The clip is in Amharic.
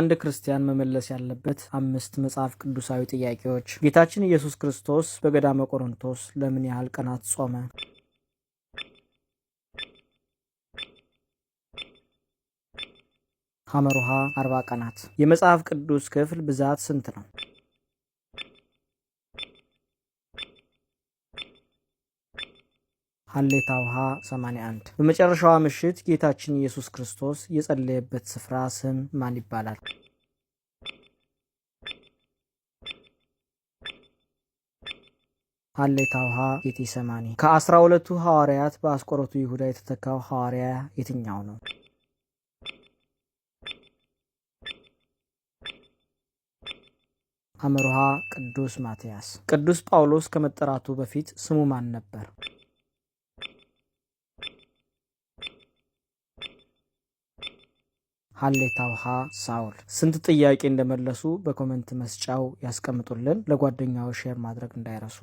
አንድ ክርስቲያን መመለስ ያለበት አምስት መጽሐፍ ቅዱሳዊ ጥያቄዎች። ጌታችን ኢየሱስ ክርስቶስ በገዳመ ቆሮንቶስ ለምን ያህል ቀናት ጾመ? ሐመሩሃ አርባ ቀናት። የመጽሐፍ ቅዱስ ክፍል ብዛት ስንት ነው? ሀሌታ ውሃ 81 በመጨረሻዋ ምሽት ጌታችን ኢየሱስ ክርስቶስ የጸለየበት ስፍራ ስም ማን ይባላል? ሀሌታ ውሃ ጌቴሰማኒ። ከአስራ ሁለቱ ሐዋርያት በአስቆረቱ ይሁዳ የተተካው ሐዋርያ የትኛው ነው? አመሮሃ ቅዱስ ማትያስ። ቅዱስ ጳውሎስ ከመጠራቱ በፊት ስሙ ማን ነበር? ሀሌታ ሳውል ስንት ጥያቄ እንደመለሱ በኮመንት መስጫው ያስቀምጡልን። ለጓደኛው ሼር ማድረግ እንዳይረሱ።